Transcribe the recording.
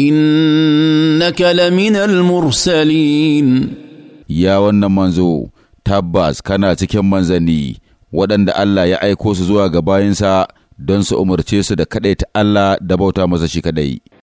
إنك لمن المرسلين ya wannan manzo tabbas kana cikin manzanni waɗanda Allah ya aiko su zuwa ga bayinsa don su umarce su da ta Allah da bauta masa shi kaɗai.